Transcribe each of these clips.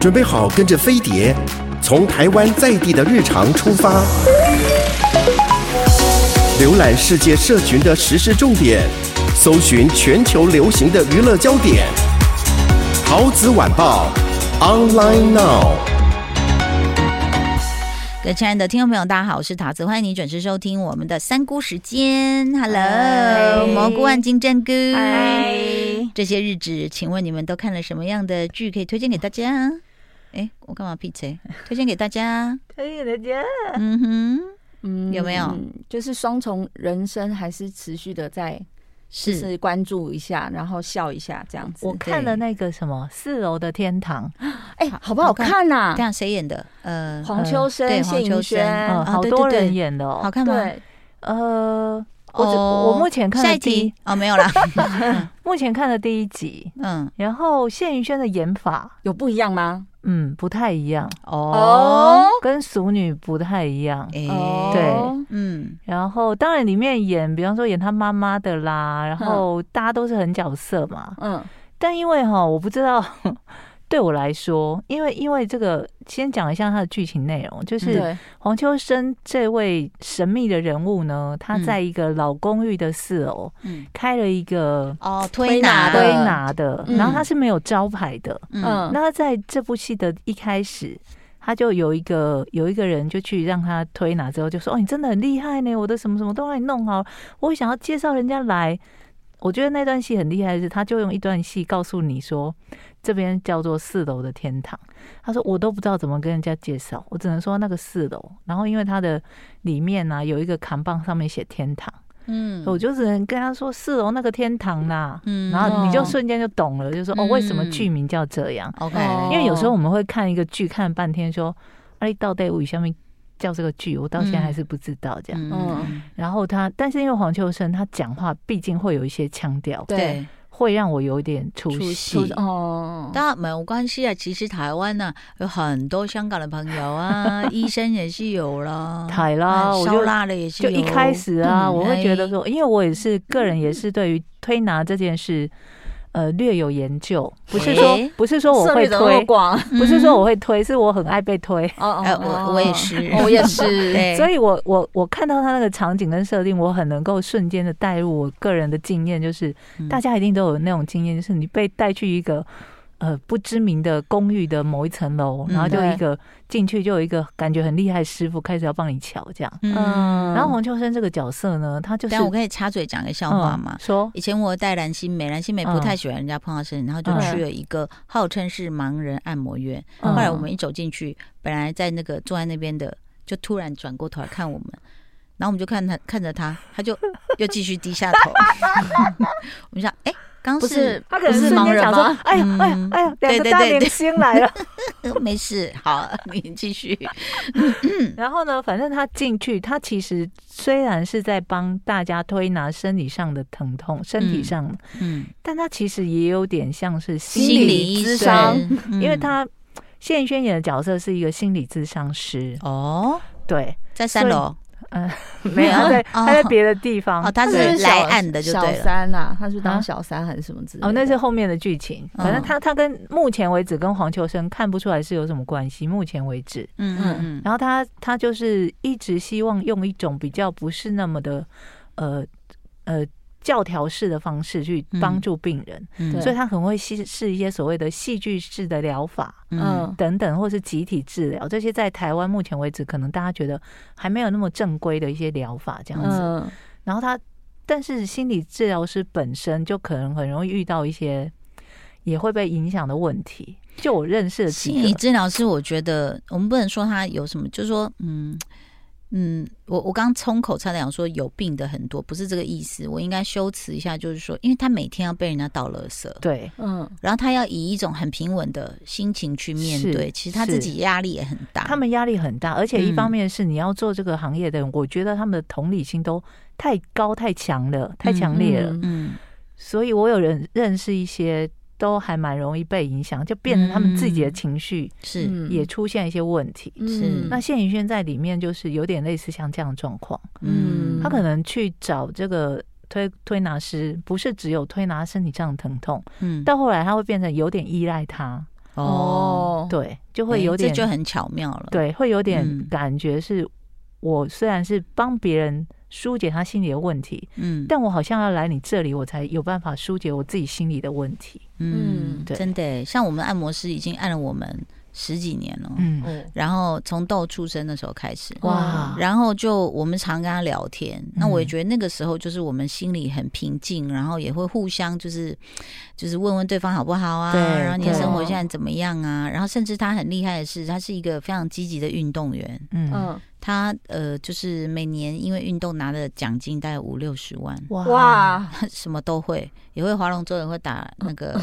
準備好，跟着飛碟，從台灣在地的日常出發，瀏覽世界社群的時事重點，搜尋全球流行的娛樂焦點。陶子晚報，online now。各位親愛的聽眾朋友，大家好，我是陶子，歡迎你準時收聽我們的三姑時間。Hello，Hi 蘑菇萬金針菇，嗨 Hi。這些日子，請問你們都看了什麼樣的劇？可以推薦給大家。哎，我幹嘛 P 車？推薦給大家，推薦大家。嗯哼，嗯，有沒有？就是雙重人生，還是持續的在，是關注一下，然後笑一下這樣子。我看了那個什麼四樓的天堂，哎，好不好看吶？這樣誰演的？呃，黃秋生、謝盈萱，好多人演的，好看嗎？對，呃。我、哦、我目前看的第一啊，沒有啦。 目前看的第一集，嗯，然後謝盈萱的演法有不一樣嗎？嗯，不太一樣哦，跟俗女不太一樣，哎、哦，對，嗯，然後當然裡面演，比方說演他媽媽的啦，然後大家都是很角色嘛，嗯，嗯但因為吼，我不知道。對我來說，因為因為這個，先講一下它的劇情內容。就是黃秋生這位神秘的人物呢，他在一個老公寓的四樓，嗯、開了一個哦推拿推拿的，哦、然後他是沒有招牌的。嗯，嗯嗯那他在這部戲的一開始，他就有一個有一個人就去讓他推拿之後，就說：“哦，你真的很厲害呢，我的什麼什麼都讓你弄好，我想要介紹人家來。”我覺得那段戲很厲害是，他就用一段戲告訴你說，這邊叫做四樓的天堂。他說我都不知道怎麼跟人家介紹，我只能說那個四樓。然後因為他的裡面呢、啊、有一個扛棒上面寫天堂，嗯，我就只能跟他說四樓那個天堂啦、啊。嗯，然後你就瞬間就懂了，嗯、就說哦，為什麼劇名叫這樣？OK，因為有時候我們會看一個劇看半天說，說哎，你到底為下面。叫這個劇，我到現在還是不知道這樣。嗯嗯嗯、然後他，但是因為黃秋生他講話畢竟會有一些腔調，對，會讓我有點出戲。哦，但沒有關係啊。其實台灣呢、啊、有很多香港的朋友啊， 醫生也是有啦，台啦，燒臘了也是。就一開始啊，我會覺得說，嗯哎、因為我也是個人，也是對於推拿這件事。呃，略有研究，不是說不是說我會推，不是說我會推，是我很愛被推。 哦哦，我我也是，我也是。 所以我，我我我看到他那個場景跟設定，我很能夠瞬間的帶入我個人的經驗，就是大家一定都有那種經驗，就是你被帶去一個。呃，不知名的公寓的某一層樓，嗯、然後就一個進去就有一個感覺很厲害師傅開始要幫你喬這樣，嗯，然後黃秋生這個角色呢，他就是，但我可以插嘴講個笑話嘛，嗯，說以前我帶藍心湄，藍心湄不太喜歡人家碰到身體，嗯、然後就去了一個號稱是盲人按摩院，嗯、後來我們一走進去，本來在那個坐在那邊的，就突然轉過頭來看我們， 然後我們就看他看着他，他就又繼續低下頭， 我們想哎。欸剛不是他，可能瞬間說是盲人嗎？哎呀呦、嗯，哎，哎呀，哎呀，兩個大明星來了，對對對對對 沒事，好，你繼續。 然後呢，反正他進去，他其實雖然是在幫大家推拿身體上的疼痛，身體上，嗯，嗯，但他其實也有點像是心理諮商，因為他謝盈萱演的角色是一個心理諮商師哦，對，在三樓。嗯、呃，沒有，他在他在別的地方，他是來的，小三啦，他是當小三還是什麼之類的？哦，那是後面的劇情，反正他他跟目前為止跟黃秋生看不出來是有什麼關係，目前為止，嗯嗯嗯，嗯嗯然後他他就是一直希望用一種比較不是那麼的，呃呃。教條式的方式去幫助病人，嗯、所以他很會試一些所謂的戲劇式的療法，嗯，嗯，等等，或是集體治療這些，在台灣目前為止，可能大家覺得還沒有那麼正規的一些療法這樣子。嗯、然後他，但是心理治療師本身就可能很容易遇到一些也會被影響的問題。就我認識的心理治療師，我覺得我們不能說他有什麼，就是說，嗯。嗯，我我剛衝口差點講說有病的很多，不是這個意思。我應該修辭一下，就是說，因為他每天要被人家倒垃圾，對，嗯，然後他要以一種很平穩的心情去面對，是其實他自己壓力也很大。他們壓力很大，而且一方面是你要做這個行業的人，嗯、我覺得他們的同理心都太高、太強了、太強烈了。嗯，嗯嗯所以我有人認識一些。都還蠻容易被影響，就變成他們自己的情緒是也出現一些問題。嗯、是、嗯、是，那謝盈萱在裡面就是有點類似像這樣的狀況，嗯，他可能去找這個推推拿師，不是只有推拿身體上的疼痛，嗯，到後來他會變成有點依賴他，哦，對，就會有點、欸、這就很巧妙了，對，會有點感覺是、嗯、我雖然是幫別人。疏解他心裡的問題，嗯，但我好像要來你這裡，我才有辦法疏解我自己心裡的問題，嗯，對、嗯，真的。對像我們按摩師已經按了我們。十幾年了，嗯，然後從豆出生的時候開始，哇，然後就我們常跟他聊天。那我也覺得那個時候就是我們心裡很平靜，然後也會互相就是就是問問對方好不好啊，對，然後你的生活現在怎麼樣啊？然後甚至他很厲害的是，他是一個非常積極的運動員，嗯嗯，他呃就是每年因為運動拿的獎金大概五六十萬，哇，什麼都會，也會划龍舟，也會打那個。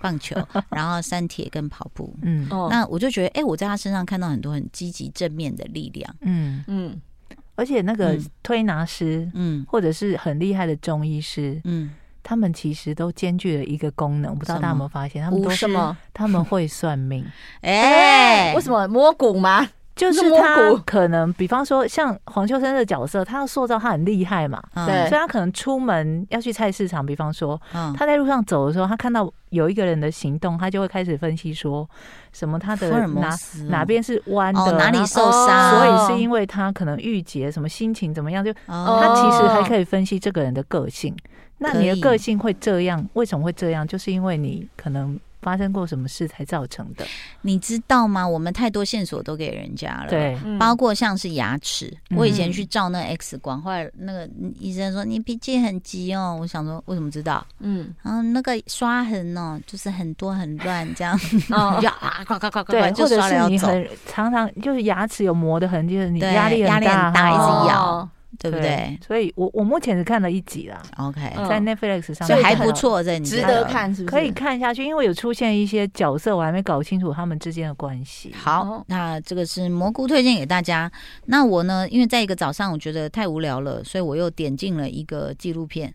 棒球，然後三鐵跟跑步， 嗯，那我就覺得，哎、欸，我在他身上看到很多很積極正面的力量，嗯嗯，嗯，而且那個推拿師，嗯，或者是很厲害的中醫師，嗯，他們其實都兼具了一個功能，麼我不知道大家有沒有發現？他們都是十他們會算命，哎、 欸，為什麼？摸骨嗎？就是他可能，比方說像黃秋生的角色，他要塑造他很厲害嘛，對，所以他可能出門要去菜市場，比方說他在路上走的時候，他看到有一個人的行動，他就會開始分析說什麼他的哪哪邊是彎的，哪裡受傷，所以是因為他可能鬱結，什麼心情怎麼樣，就他其實還可以分析這個人的個性。那你的個性會這樣，為什麼會這樣，就是因為你可能。發生過什麼事才造成的？你知道嗎？我們太多線索都給人家了，對，包括像是牙齒。我以前去照那 X 光，後來，那個醫生說：“你脾氣很急哦。”我想說：“為什麼知道？”嗯，然後那個刷痕哦，就是很多很亂這樣。哦，要啊，刮刮刮刮，對，或者是你很常常就是牙齒有磨的痕跡，你壓力壓力很大一直咬。對不對？對，所以我，我我目前只看了一集啦。OK，在 Netflix 上面，還不錯，那值得看，是不是？可以看下去，因為有出現一些角色，我還沒搞清楚他們之間的關係。好，那這個是蘑菇推薦給大家。那我呢，因為在一個早上，我覺得太無聊了，所以我又點進了一個紀錄片。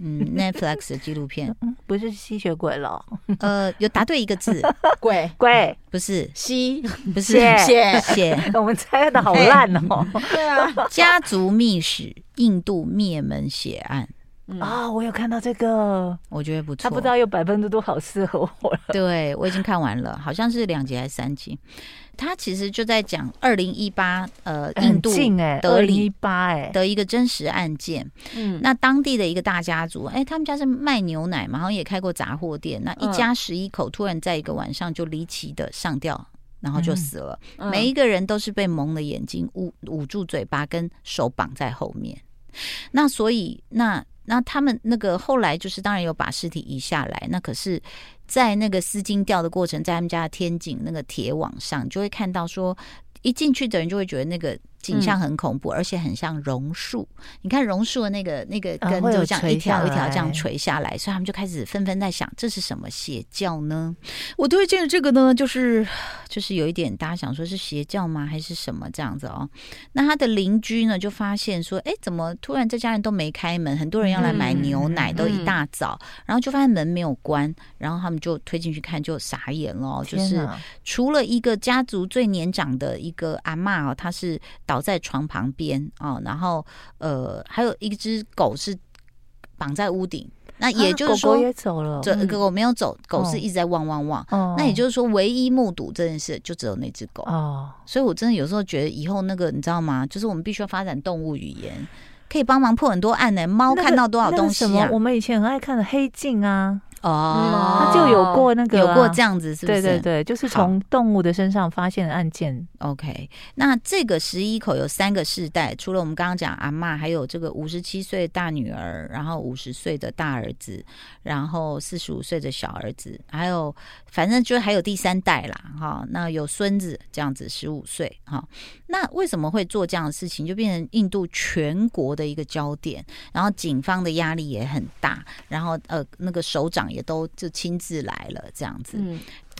嗯，Netflix 的紀錄片、嗯，不是吸血鬼了、哦。呃，有答對一個字， 鬼鬼不是吸，西不是血血。血我們猜的好爛哦、欸。對啊， 家族秘史，印度滅門血案。啊、哦，我有看到這個，我覺得不錯。他不知道有百分之多少適合我。對，我已經看完了，好像是兩集還是三集。他其實就在講二零一八，呃，印度，德里，哎，的一個真實案件。嗯、欸，欸、那當地的一個大家族，哎、欸，他們家是賣牛奶嘛，然後也開過雜貨店。那一家十一口，突然在一個晚上就離奇的上吊，然後就死了。嗯、每一個人都是被蒙了眼睛、捂捂住嘴巴、跟手綁在後面。那所以那。那他們那個後來就是，當然有把屍體移下來。那可是，在那個絲巾吊的過程，在他們家的天井那個鐵網上，就會看到說，一進去的人就會覺得那個。景象很恐怖，嗯、而且很像榕樹。你看榕樹的那個那個根，就這樣一條一條這樣垂下來，啊、下來，所以他們就開始紛紛在想，這是什麼邪教呢？我推薦的這個呢，就是就是有一點大家想說，是邪教嗎？還是什麼這樣子哦？那他的鄰居呢，就發現說，哎、欸，怎麼突然這家人都沒開門？很多人要來買牛奶，嗯、都一大早，嗯、然後就發現門沒有關，然後他們就推進去看，就傻眼了。哪就是除了一個家族最年長的一個阿嬤哦，她是。倒在床旁邊啊、哦，然後呃，還有一隻狗是綁在屋頂。那也就是說，啊、狗，狗也走了，這走、嗯、狗，狗沒有走，狗是一直在汪汪汪。哦、那也就是說，唯一目睹這件事就只有那只狗。哦、所以，我真的有時候覺得以後那個，你知道嗎？就是我們必須要發展動物語言，可以幫忙破很多案呢、欸。貓看到多少東西，啊，那個那個，我們以前很愛看的《黑鏡》啊。哦、嗯，他就有過那個、啊、有過這樣子，是不是？對對對，就是從動物的身上發現的案件。OK，那這個十一口有三個世代，除了我們剛剛講阿嬤，還有這個五十七歲大女兒，然後五十歲的大兒子，然後四十五歲的小兒子，還有反正就還有第三代啦。哈，那有孫子這樣子，十五歲。哈，那為什麼會做這樣的事情，就變成印度全國的一個焦點，然後警方的壓力也很大，然後呃，那個首長。也都就親自來了，這樣子，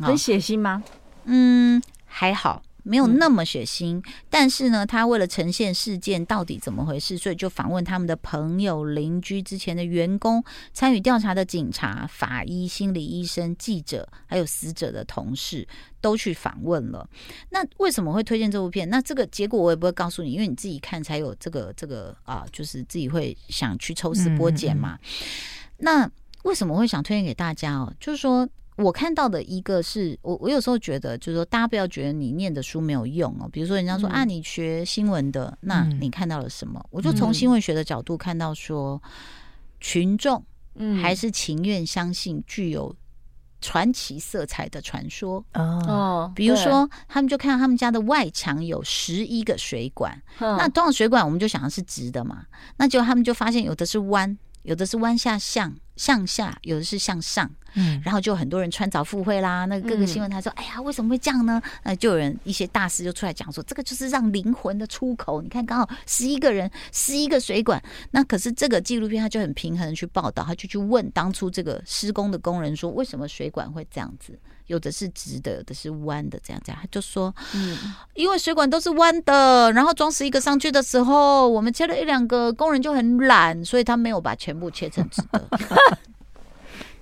很血腥嗎？嗯，還好，沒有那麼血腥。但是呢，他為了呈現事件到底怎麼回事，所以就訪問他們的朋友、鄰居、之前的員工、參與調查的警察、法醫、心理醫生、記者，還有死者的同事，都去訪問了。那為什麼會推薦這部片？那這個結果我也不會告訴你，因為你自己看才有這個這個啊、呃，就是自己會想去抽絲剝繭嘛。嗯嗯嗯、那。為什麼我會想推薦給大家哦？就是說我看到的一個是，我我有時候覺得，就是說大家不要覺得你念的書沒有用哦。比如說人家說啊，你學新聞的，那你看到了什麼？我就從新聞學的角度看到，說群眾還是情願相信具有傳奇色彩的傳說哦。比如說他們就看到他們家的外牆有十一個水管，那通常水管我們就想的是直的嘛，那就他們就發現有的是彎，有的是彎下向，向下，有的是向上。嗯，然後就很多人穿鑿附會啦，那個各個新聞他說，嗯、哎呀，為什麼會這樣呢？那就有人一些大師就出來講說，這個就是讓靈魂的出口。你看，剛好十一個人，十一個水管，那可是這個紀錄片他就很平衡的去報道，他就去問當初這個施工的工人說，為什麼水管會這樣子？有的是直的，有的是彎的，這樣這樣，他就說，嗯，因為水管都是彎的，然後裝十一個上去的時候，我們切了一兩個，工人就很懶，所以他沒有把全部切成直的。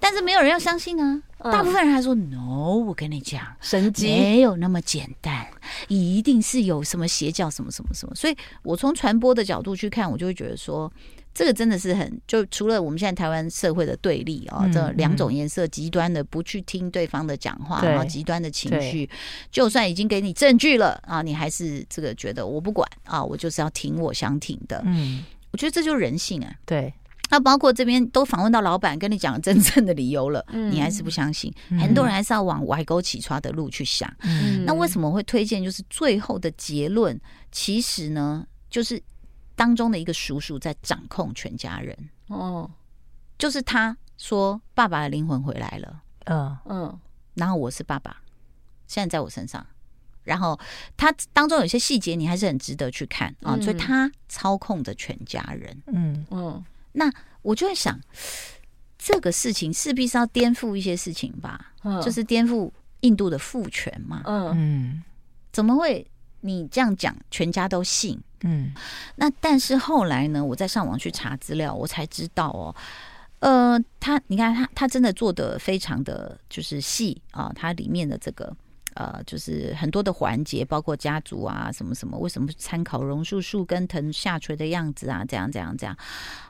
但是沒有人要相信啊！嗯、大部分人還說 “no”，我跟你講，神經沒有那麼簡單，一定是有什麼邪教，什麼什麼什麼。所以我從傳播的角度去看，我就會覺得說，這個真的是很就除了我們現在台灣社會的對立啊、哦，嗯嗯這兩種顏色極端的不去聽對方的講話，然後極端的情緒，對，就算已經給你證據了啊，你還是這個覺得我不管啊，我就是要聽我想聽的。嗯，我覺得這就是人性啊。對。那包括這邊都訪問到老闆跟你講真正的理由了，嗯、你還是不相信，嗯、很多人還是要往歪溝起叉的路去想。嗯、那為什麼會推薦？就是最後的結論，其實呢，就是當中的一個叔叔在掌控全家人。哦，就是他說爸爸的靈魂回來了，嗯嗯、哦，然後我是爸爸，現在在我身上。然後他當中有些細節，你還是很值得去看、嗯、啊。所以他操控着全家人，嗯嗯。哦那我就在想，這個事情勢必是要顛覆一些事情吧，uh, 就是顛覆印度的父權嘛。嗯嗯，怎麼會你這樣講，全家都信？嗯，uh, 那但是後來呢，我在上網去查資料，我才知道哦，呃，他你看他他真的做得非常的就是細啊，它裡面的這個。呃，就是很多的環節，包括家族啊，什麼什麼，為什麼參考榕樹樹根藤下垂的樣子啊，怎樣怎樣怎樣。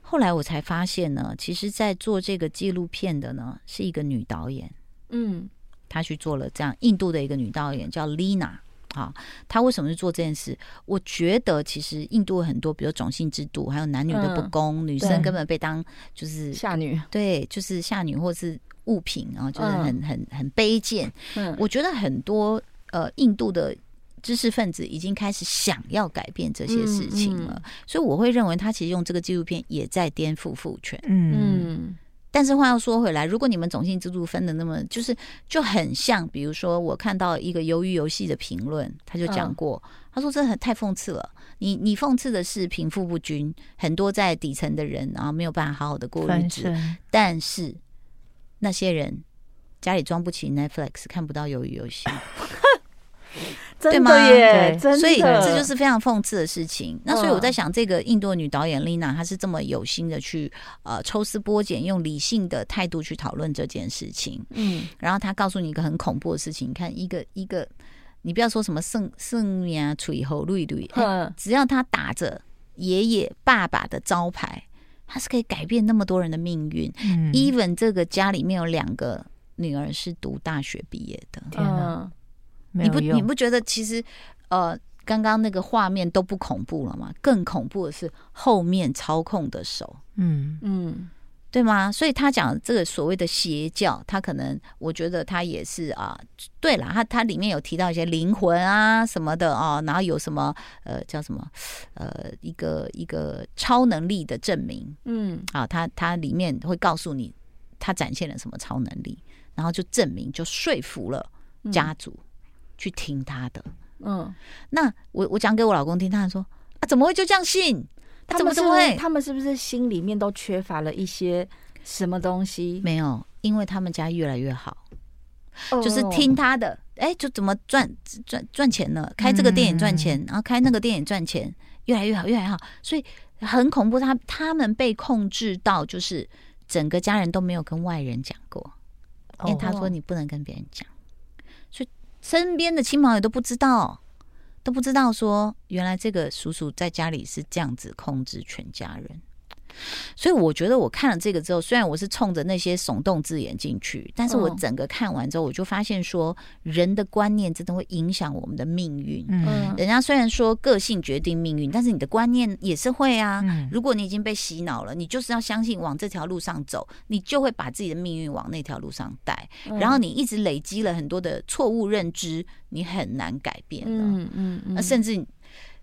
後來我才發現呢，其實在做這個紀錄片的呢，是一個女導演，嗯，她去做了這樣。印度的一個女導演叫 Lina 啊，她為什麼去做這件事？我覺得其實印度很多，比如說種姓制度，還有男女的不公，嗯、女生根本被當就是下女，對，就是下女或是。物品啊，就是很很很卑賤。嗯，我覺得很多呃，印度的知識分子已經開始想要改變這些事情了，嗯嗯、所以我會認為他其實用這個紀錄片也在顛覆父權。嗯，但是話又說回來，如果你們種姓制度分的那麼就是就很像，比如說我看到一個魷魚遊戲的評論，他就講過，嗯、他說這很太諷刺了。你你諷刺的是貧富不均，很多在底層的人然後沒有辦法好好的過日子，反正、但是。那些人家裡裝不起 Netflix，看不到魷魚遊戲， 真的耶！對嗎？對，所以這就是非常諷刺的事情。那所以我在想，這個印度女導演里娜呵，她是這麼有心的去呃抽絲剝繭，用理性的態度去討論這件事情。嗯，然後她告訴你一個很恐怖的事情，你看一個一個，你不要說什麼聖聖女啊，以後綠，一呵、欸、只要她打着爺爺爸爸的招牌。他是可以改變那麼多人的命運。嗯，Even 這個家裡面有兩個女兒是讀大學畢業的。天哪、啊，你不你不覺得其實呃，剛剛那個畫面都不恐怖了嗎？更恐怖的是後面操控的手。嗯嗯。嗯。對嗎？所以他講這個所謂的邪教，他可能我覺得他也是啊，對了，他他裡面有提到一些靈魂啊什麼的啊，然後有什麼呃叫什麼呃一個一個超能力的證明，嗯，啊他他裡面會告訴你他展現了什麼超能力，然後就證明就說服了家族去聽他的，嗯，那我我講給我老公聽，他說啊怎麼會就這樣信？啊、他們是不是他們是不是心裡面都缺乏了一些什麼東西？沒有，因為他們家越來越好，oh. 就是聽他的，哎、欸，就怎麼賺賺賺錢呢？開這個電影賺錢，嗯、然後開那個電影賺錢，越來越好，越來越好。所以很恐怖，他他們被控制到，就是整個家人都沒有跟外人講過，因為他說你不能跟別人講，oh. 所以身邊的親朋友都不知道。都不知道說，原來這個叔叔在家裡是這樣子控制全家人。所以我覺得我看了這個之後，雖然我是衝着那些聳動字眼進去，但是我整個看完之後，我就發現說，人的觀念真的會影響我們的命運。嗯，人家雖然說個性決定命運，但是你的觀念也是會啊。如果你已經被洗腦了，你就是要相信往這條路上走，你就會把自己的命運往那條路上帶。然後你一直累積了很多的錯誤認知，你很難改變了。嗯嗯嗯，那甚至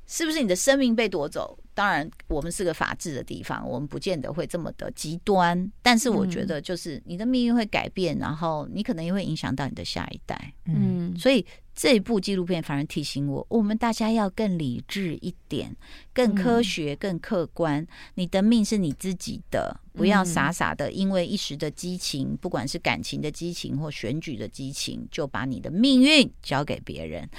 是不是你的生命被奪走？當然，我們是個法治的地方，我們不見得會這麼的極端。但是，我覺得就是你的命運會改變，嗯、然後你可能也會影響到你的下一代。嗯，所以。這一部紀錄片反而提醒我，我們大家要更理智一點，更科學、嗯、更客觀。你的命是你自己的，嗯、不要傻傻的因為一時的激情，不管是感情的激情或選舉的激情，就把你的命運交給別人。誒、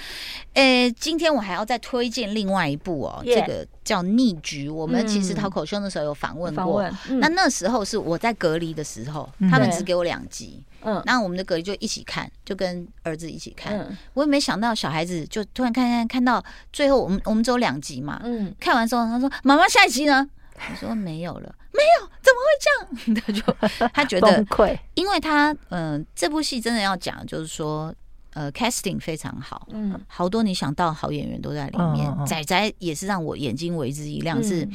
欸，今天我還要再推薦另外一部哦，yeah, 這個叫《逆局》嗯。我們其實陶口秀的時候有訪問過，那、嗯、那時候是我在隔離的時候，嗯、他們只給我兩集。然、嗯、那我們的隔離就一起看，就跟兒子一起看。嗯、我也沒想到小孩子就突然看看看到最後，我們我們只有兩集嘛。嗯，看完之後他說：“媽媽，下一集呢？”我說：“沒有了， 沒有，怎麼會這樣？” 他就他覺得崩潰。因為他嗯、呃，這部戲真的要講，就是說呃，casting 非常好，嗯，好多你想到的好演員都在裡面，仔仔、嗯嗯、也是讓我眼睛為之一亮是。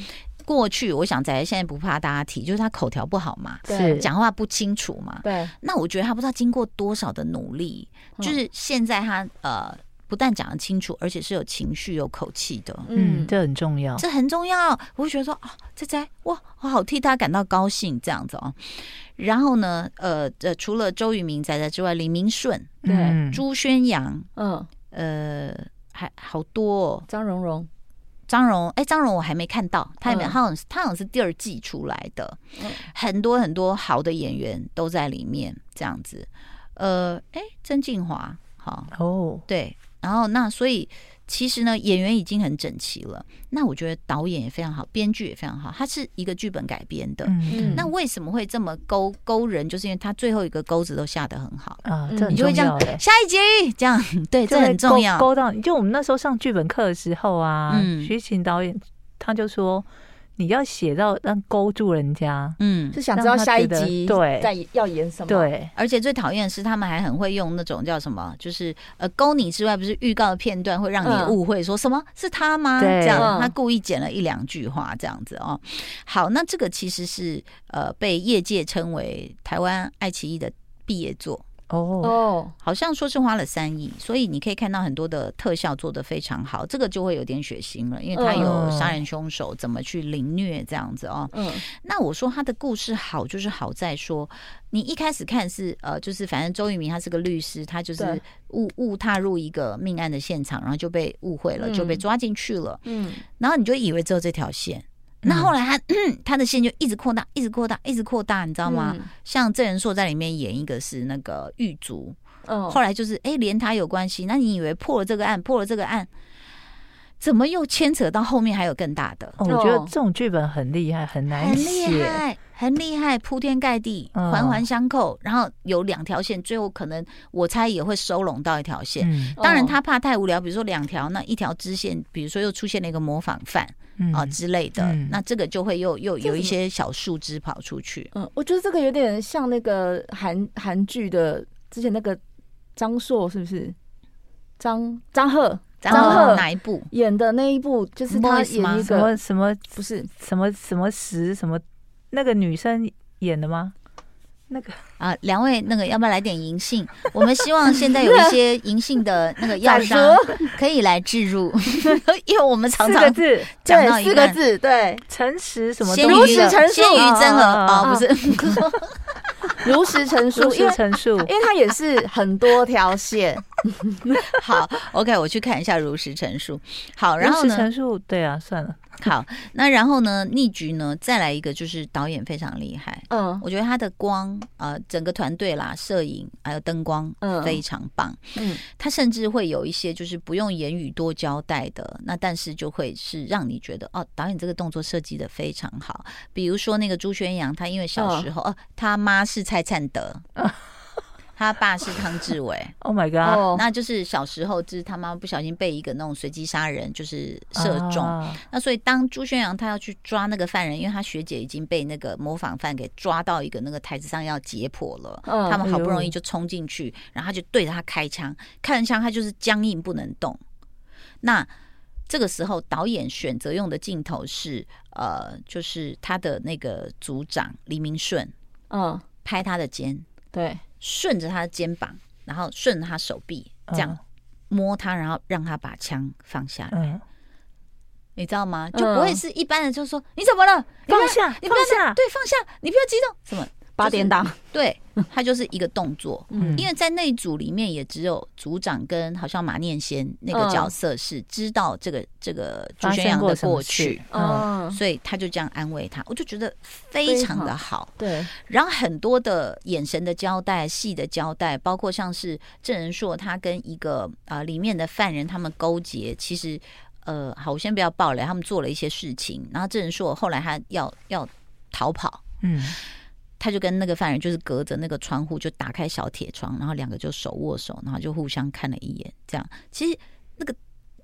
過去我想仔仔現在不怕大家提，就是他口條不好嘛，對，講話不清楚嘛，對。那我覺得他不知道經過多少的努力，嗯、就是現在他呃不但講得清楚，而且是有情緒有口氣的，嗯，嗯，這很重要，這很重要。我會覺得說啊，仔、哦、仔哇，我好替他感到高興這樣子哦。然後呢，呃呃，除了周渝民仔仔之外，李銘順，對，朱軒洋，嗯，嗯呃，嗯、還好多、哦，張榕容。張榮，哎，張榮，我還沒看到，他好像、嗯、他好像是第二季出來的，嗯、很多很多好的演員都在裡面，這樣子，呃，哎、欸，曾靜華，好，哦，oh. 對，然後那所以。其實呢，演員已經很整齊了。那我覺得導演也非常好，編劇也非常好。它是一個劇本改編的。嗯哼，那為什麼會這麼勾勾人？就是因為它最後一個鈎子都下得很好啊。嗯、你就會這樣、嗯、下一集、嗯、這樣，對，這很重要。勾到就我們那時候上劇本課的時候啊，徐、嗯、晴導演他就說。你要寫到讓勾住人家，嗯，是、嗯、想知道下一集對，在要演什麼。對，對而且最討厭的是，他們還很會用那種叫什麼，就是呃勾你之外，不是預告的片段會讓你誤會說什麼、嗯、是他嗎？對這樣，他故意剪了一兩句話這樣子哦。好，那這個其實是呃被業界稱為台灣愛奇藝的畢業作。哦，oh, oh, 好像說是花了三億，所以你可以看到很多的特效做得非常好，這個就會有點血腥了，因為他有殺人凶手怎麼去凌虐這樣子哦。Uh, uh, 那我說他的故事好就是好在說，你一開始看是呃，就是反正周渝民他是個律師，他就是誤誤踏入一個命案的現場，然後就被誤會了，就被抓進去了。嗯，um, um, 然後你就以為只有這條線。那後來他、嗯、 他的線就一直擴大，一直擴大，一直擴大，你知道嗎？嗯、像鄭人碩在裡面演一個是那個獄卒，哦、後來就是哎、欸、連他有關係，那你以為破了這個案，破了這個案，怎麼又牽扯到後面還有更大的？哦、我覺得這種劇本很厲害，很難寫，很厲害，很厲害，鋪天蓋地，環環相扣，嗯、然後有兩條線，最後可能我猜也會收攏到一條線。嗯哦、當然他怕太無聊，比如說兩條，那一條支線，比如說又出現了一個模仿犯。啊、哦、之類的，嗯、那這個就會又又有一些小樹枝跑出去。嗯，我覺得這個有點像那個韓韓劇的，之前那個張碩是不是？張張赫張赫，哪一部演的，那一部就是他演、那個、什麼什麼，不是什麼什麼石什麼，那個女生演的嗎？那個啊，兩位那個要不要來點銀杏？ 我們希望現在有一些銀杏的那個藥商可以來置入， 因為我們常常是講到一四個字，對，四個字，對，誠實什麼東西的先與如實陳述，真啊不是， 如實陳述，如實陳述，因為它也是很多條線。 好，OK，我去看一下如實陳述。好，然後呢，如實陳述，對啊，算了。 好，那然後呢？逆局呢？再來一個，就是導演非常厲害。嗯、哦，我覺得他的光啊、呃，整個團隊啦，攝影還有燈光，嗯、非常棒。嗯，他甚至會有一些就是不用言語多交代的，那但是就會是讓你覺得哦，導演這個動作設計得非常好。比如說那個朱軒洋，他因為小時候，哦，哦，他媽是蔡燦得。哦他爸是湯志偉 ，Oh my god！Oh. 那就是小時候，就是他媽不小心被一個那種隨機殺人，就是射中。Uh. 那所以當朱宣陽他要去抓那個犯人，因為他學姐已經被那個模仿犯給抓到一個那個台子上要解剖了，uh, 他們好不容易就衝進去，uh, 然後他就對他開槍，開了槍他就是僵硬不能動。那這個時候導演選擇用的鏡頭是呃，就是他的那個組長黎明順，嗯，uh. 拍他的肩，對。順着他的肩膀，然後順着他手臂這樣摸他，然後讓他把槍放下來，嗯、你知道嗎？就不會是一般人就說、嗯、你怎麼了，放下，你放下你，對，放下，你不要激動，什麼？八點檔，對，他就是一個動作，嗯、因為在那組裡面也只有組長跟好像馬念先那個角色是知道這個、嗯、這個朱軒洋的過去，過嗯，所以他就這樣安慰他，嗯、我就覺得非常的好，對。然後很多的眼神的交代、戲的交代，包括像是鄭人碩他跟一個啊、呃、裡面的犯人他們勾結，其實呃，好，我先不要爆雷，他們做了一些事情，然後鄭人碩後來他要要逃跑，嗯。他就跟那個犯人，就是隔着那個窗戶，就打開小鐵窗，然後兩個就手握手，然後就互相看了一眼。這樣，其實那個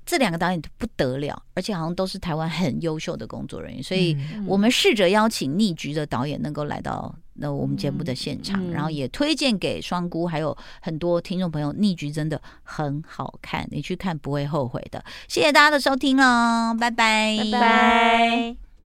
這兩個導演不得了，而且好像都是台灣很優秀的工作人員。所以我們試着邀請《逆局》的導演能夠來到那我們節目的現場，然後也推薦給雙姑還有很多聽眾朋友，《逆局》真的很好看，你去看不會後悔的。謝謝大家的收聽哦，拜拜，拜拜。